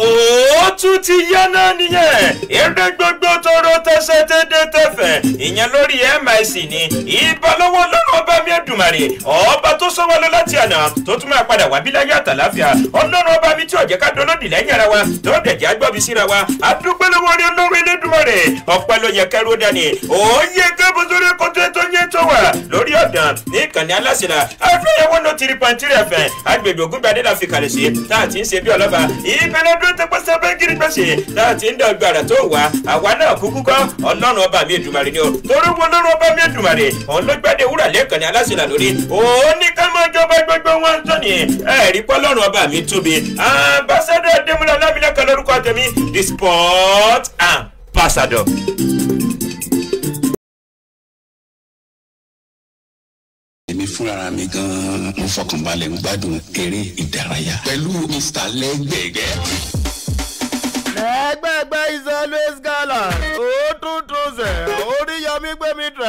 òótú ti yá náà nìyẹn eré gbogbo tọrọ tẹsẹ̀ tẹdẹ tẹfẹ̀ ìyẹn lórí mic ni ìbà lọ́wọ́ lọ́rọ̀ ọba mi Èdùmàrè ọba tó sọ wá lọ láti àná tó tún máa padà wá bí láyé àtàláfíà Ọlọ́run ọba mi tí ọjẹ ká dolódì lẹ́yìn ara wa tó dẹjẹ agbọbi síra wa adúgbò lọ́wọ́ rí Ọlọ́run Elédùmarè ọpẹ́ ló yẹ kẹrù dání òye kébùsùn rẹ kótó ètò yẹn tó wà ìbàdàn ní ìkànnì aláṣẹlá afẹ́yẹwò no three point three fm agbègbè ògúnbẹ adéla fi kalẹ̀ sí náà ti ń ṣe bí ọlọ́ba ìbẹ̀rẹ̀ dúró tó pọ́sẹ̀ bẹ́ẹ̀ gírí pẹ́sẹ̀ náà ti ń dán ọgbà rẹ̀ tó wà àwa náà kúkú kọ́ ọlọ́run ọba mi èdùmarè ni o torúkú ọlọ́run ọba mi èdùmarè òun ló gbàdé wúrà lẹ́ẹ̀kànnì aláṣẹlá lórí òun ní ká máa jọba gbogbo wọn tó ní mi the sport ambassador. fúnra mi gan mo fọkànbalẹ̀ ń gbádùn eré ìdárayá pẹ̀lú Mr. lẹ́gbẹ̀gbẹ́. lẹ́gbẹ̀gbẹ́ is always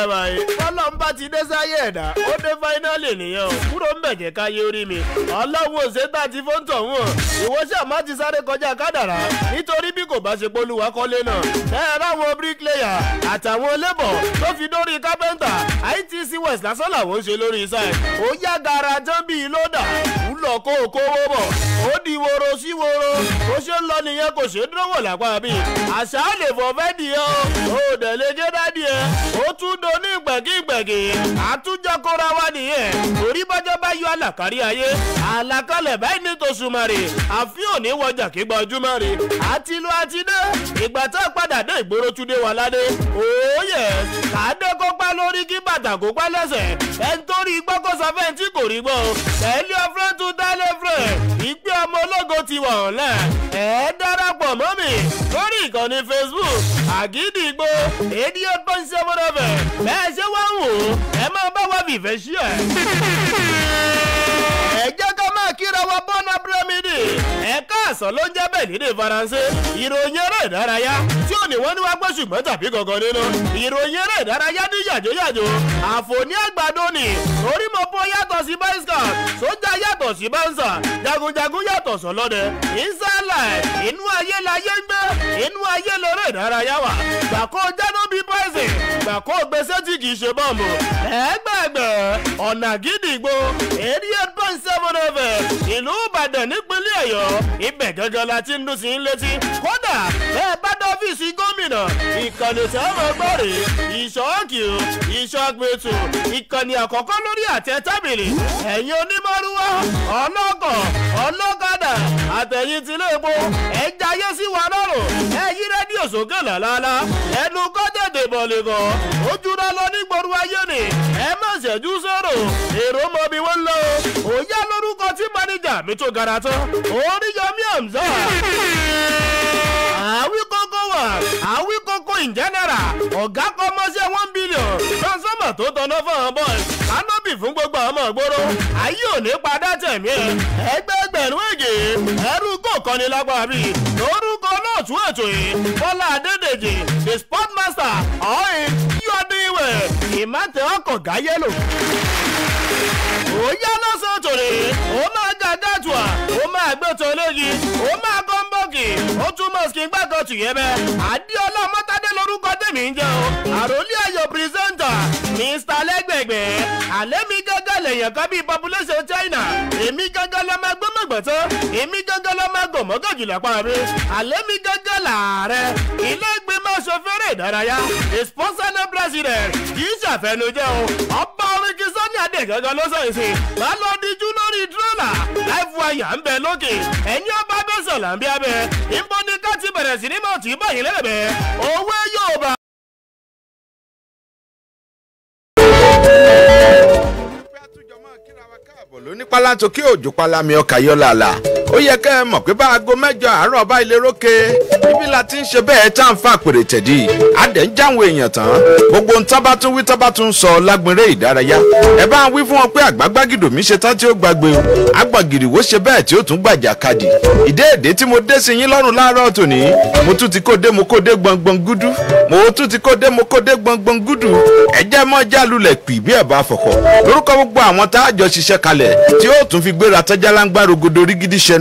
dàbà yìí ọlọ́run bá ti dé sáyé ẹ̀dá ó dé fáínálì nìyẹn o kúrò ń bẹ̀jẹ̀ káyé orí mi ọlọ́run òṣè tá ti fóun tọ̀hún o ìwọ ṣàmá ti sáré kọjá kádàrá nítorí bí kò bá ṣe polúwa kọ́lé náà ẹ ráwọn àtàwọn tó fi dórí ITC West lásán làwọn ń ṣe lórí iṣẹ́ ó yá gara bíi lọ kó o kó owó bọ̀ ó di woro sí woro bó ṣe ń lọ nìyẹn kò ṣe dúró wọ̀ lápá bí àṣà lè fọ́ fẹ́ o ò dẹ̀ lè dádì ẹ ó tún do ní gbẹ̀gígbẹ̀gì àtúnjọ kóra wa nìyẹn torí bọ́jọ́ bá yọ àlàkárí ayé àlàkalẹ̀ báyìí ní tòṣùmarè àfi òní wọjà kí gbọ́njúmọ́ rè àti ìlú àti dé ìgbà tá padà dé ìgboro túnde wà ládé òòyẹ kàdé kó lórí kí bàtà kó lẹ́sẹ̀ ẹ̀ ń torí gbọ́kọ̀sọ́fẹ́ ìgbé ọmọ ológo ti wà ọ̀lẹ́ ẹ̀ darapọ̀ mọ́ mi lórí ìkànnì Facebook àgídìgbò eighty eight point seven ọ̀fẹ́ bẹ́ẹ̀ ṣé wá ń wò ó ẹ máa bá wá fìfẹ́ sí ẹ̀. ẹ jẹ́ kíra wa bọ́nà bírámìdì ẹ̀ka àsán ló ń jẹ́ bẹ́ẹ̀ nídìí faransé ìròyìn eré ìdárayá tí ò ní wọ́n ní wá pé ṣùgbọ́n tàbí gangan nínú ìròyìn eré ìdárayá ní yàjóyàjó àfòní àgbàdo nì orí mo bọ́ yàtọ̀ sí báyìsíkà sójà yàtọ̀ sí báńsà jagunjagun yàtọ̀ sọlọ́dẹ ìsàlẹ̀ inú ayé la yé gbé inú ayé lọ́rẹ́ ìdárayá wà gbàkọ́ jáde bí báyìsì àkó gbèsè tí kì í ṣe bọ́ọ̀lù ẹgbẹ̀ẹ̀gbẹ̀ ọ̀nà gídìgbò eighty eight point seven fm ìlú ìbàdàn nípínlẹ̀ ọ̀yọ́ ibẹ̀ gángan la ti ń dún sí i létí kódà bẹ́ẹ̀ bá dọ́fíìsì gómìnà ìkànnì tí wọ́n máa gbọ́ rèé ìṣọ́ọ̀kì o ìṣọ́gbẹ̀tù ìkànnì àkọ́kọ́ lórí àtẹ tábìlì ẹ̀yin onímọ̀rúwá ọlọ́kọ̀ ọlọ́kadà àtẹ̀yìn tìlẹ̀ èpo yóò sókè làlálá ẹnu kọ́ tètè bọ̀lẹ̀ kọ́ ojúra lọ ní gbòòrò ayé ni ẹ má ṣẹ́jú sọ̀rọ̀ èrò mọ bí wọ́n lọ òye lórúkọ tí máníjà mi tó gara tán oríyọmí àmzá àwíkókó wà àwíkókó in general ọ̀gá kọ́mọ́sẹ́ one billion transformer tó tanná fún àwọn boys kánóbì fún gbogbo ọmọ ìgboro ayé ò ní padà tẹ̀mí ẹ ẹgbẹ́gbẹ̀rún èjì ẹrú kò kọ́ni lágbára bíi lórúkọ ọ̀tún ètò yìí Bọ́lá Adédèjì the sportmaster ọ̀hìn yọdínwẹ̀ ìmọ̀tẹ́ ọkọ̀ gáyẹ́lò. òòyá lọ́sàn-án tòlè ó máa ga dátùá ó máa gbé tọ́lẹ́jì ó máa gọ́ńbọ́ọ̀kì ó túmọ̀ sí gbàgbọ́ tìyẹ́ bẹ́ẹ̀ Adéọlá Mọ́tádé lórúkọ tèmi ń jẹ́ o àròlé ayọ̀ pírísẹ́ńtà Mr. Lẹ́gbẹ̀gbẹ̀ àlẹ́ mi èèyàn kan bíi population China èmi gángan lọ́mọ gbọ́mọ̀gbọ̀tán èmi gángan lọ́mọ gòmọ́gàn jùlọ pa mi àlẹ́ mi gángan làárẹ̀ ilé ìgbìmọ̀ sọfẹ́rẹ́ ìdárayá ìspọ́nsánà president kì í ṣàfẹnujẹ́ o ọba oríkì sani adé gángan ló sọ èsì máa lọ díjú lórí dírọ́là láìfu àyà ń bẹ lókè ẹ̀yin ọba bẹ́sọ̀ là ń bí abẹ́ ìbọn ni ká ti bẹ̀rẹ̀ sí ní mọ̀ọ́tì báyìí lẹ́rẹ̀ òwe yọ ọ̀pọ̀ ló ní pálántó kí òjò pálámi ọkà yọ làlà ó yẹ kẹ́ ẹ mọ̀ pé bá aago mẹ́jọ àárọ̀ bá ilé rókè ibi la ti ń ṣe bẹ́ẹ̀ tá à ń fa àpèrè tẹ̀dí adẹ̀ ń jáwọn èèyàn tán gbogbo ń tábà wí tábà sọ lágbèrè ìdárayá ẹ bá ń wí fún wọn pé àgbàgbàgìdò mi ṣe tán tí ó gbàgbé o agbọ̀gìrìwó ṣe bẹ́ẹ̀ tí ó tún gbàjà kadì ìdé èdè tí mo dé sí yín lọ́rùn láàárọ̀ tòní mo tún ti kó dé mo kó dé gbọ̀ngbọ̀n gúdú mo tún ti kó dé mo kó dé gbọ̀ngbọ̀n gúdù ẹ̀jẹ̀ mọ́ jálulẹ̀ pì bí ẹ̀ bá fọ̀kọ̀ lórúkọ gbogbo àwọn tá a ṣiṣẹ́ kalẹ̀ tí ó tún fi gbéra tẹ́jálá ń gbá rogodo rígídí ṣẹnu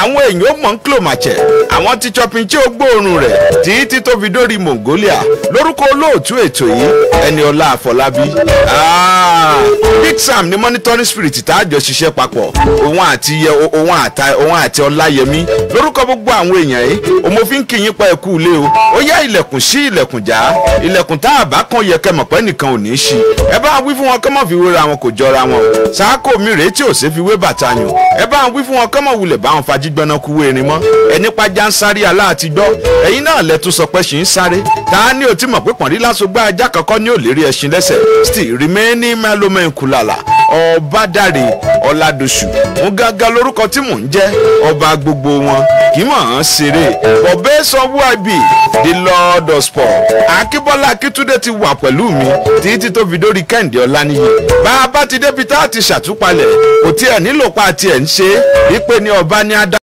àwọn èèyàn mọ̀ ń klòmàjẹ̀ àwọn ti chopinche ó gbóòórùn rẹ̀ tí títóbi dórí Mongolia lórúkọ olóòtú ètò yìí Ẹniọlá Àfọlábí ah, Big Sam ni monitoring spirit tá a jọ ṣiṣẹ́ papọ̀ òun àti yẹ òun àta òun àti Ọláyẹmí lórúkọ gbogbo àwọn èèyàn yìí òmòfin kì í yín pa ẹ̀kú ilé o ó yá ilẹ̀kùn sí ilẹ̀kùn já ilẹ̀kùn tá a bá kan yẹ kẹ́ mọ̀ pé nìkan ò ní í ṣí ẹ bá wí fún wọn kọ́ mọ̀ fi wéra wọn kò jọra wọn sáàkó mi rèé tí ò ṣe fi wé bàtà yàn ẹ bá wí fún wọn kọ́ mọ̀ wulẹ̀ bá wọn fajígbọ́nà kú wérin mọ́ ẹni pàjá ń sáré aláàtí gbọ́ ẹ̀yin náà lẹ́tún sọ pé ṣì ń sáré ta ni o ti mọ̀ pé pọ̀nrí lásùgbọ́ ajá kankan ní òlérí ẹṣin lẹ́sẹ̀ still rìmẹ́ẹ́nì mẹ́lòmẹ́ǹkùlàlà ọ̀bádàrè ọ̀làdọ̀ṣù ń gángan lórúkọ tí mò ń jẹ́ ọba gbogbo wọn kì í mọ̀ ọ́n ṣeré bọ̀bẹ́ sanwó àbí the lord of sport akíbọ́lá akítúndé ti wà pẹ̀lú mi títí tó fi dórí kẹ́hìndé ọláníyì bá a bá ti débi tá a ti ṣàtúpalẹ̀ kò tiẹ̀ nílò pa tiẹ̀ ń ṣe é wípé ní ọba ní adá.